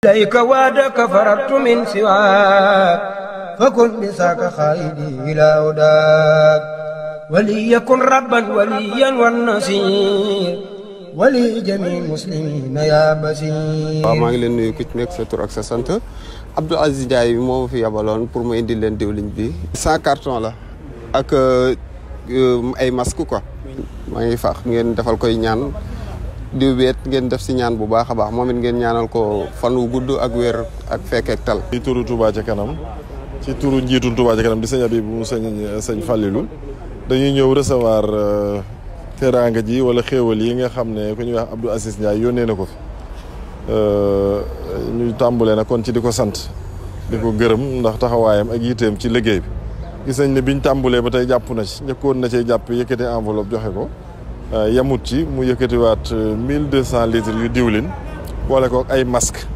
إليك وعدك فررت من سواك فكن بساك خائدي إلى هداك وليكن ربا وليا والنصير ولي جميع المسلمين يا بصير waaw maa ngi leen nuyu ku ci nekk sa tur ak sa sant Abdou Aziz Ndiaye bi moo fi yabaloon pour mu indi leen diwlin bi cent carton la ak euh, ay masque quoi maa ngi faax ngeen defal koy ñaan di weet ngeen def si ñaan bu baax a baax moom it ngeen ñaanal ko fan wu gudd ak wér ak fekkeek tal. ci turu Touba ca kanam ci turu njiitul Touba ca kanam di sëñ Habib mu sëñ sëñ Fallilou dañuy ñëw recevoir euh, teraanga ji wala xéewal yi nga xam ne ku ñuy wax Abdou Aziz Ndiaye yónnee na ko fi euh, ñu tàmbulee na kon ci di ko sant di ko gërëm ndax taxawaayam ak yitteem ci liggéey bi gis nañ ne biñ tàmbulee ba tey jàpp na ci njëkkoon na cee jàpp yëkkati enveloppe joxe ko. Euh, yamut ci mu yëkkatiwaat euh, mille deux cent litres yu diwlin boole ko ay masque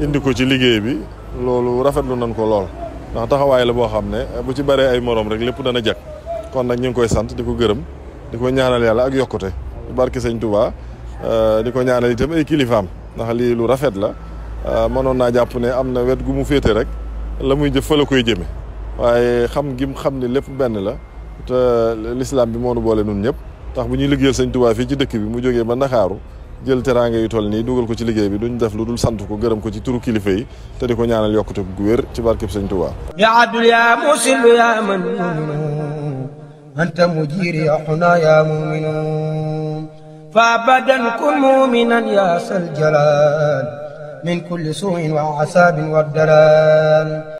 indi ko ci liggéey bi loolu rafetlu nañ ko lool ndax taxawaay la boo xam ne euh, bu ci baree ay morom rek lépp dana jag kon nag ñu ngi koy sant di ko gërëm di ko ñaanal yàlla ak yokkute barki sëñ Touba di ko ñaanal itam ay kilifaam ndax lii lu rafet la mënoon naa jàpp ne am na wet gu mu féete rek la muy jëf fa la koy jëme waaye xam gim xam ni lépp benn la te lislaam bi moom nu boole nun ñëpp ndax bu ñuy liggéeyal sëñ Tuubaa fii ci dëkk bi mu jógee ba Ndakaaru jël teraanga yu toll nii dugal ko ci liggéey bi duñ def lu dul sant ko gërëm ko ci turu kilifa yi te di ko ñaanal yokkute gu wér ci barkeb sëñ Tuubaa ya adul ya musil ya man anta mujiri a xuna ya muminun fa abadan kun muminan ya sal min kulli suin wa asabin wa dalal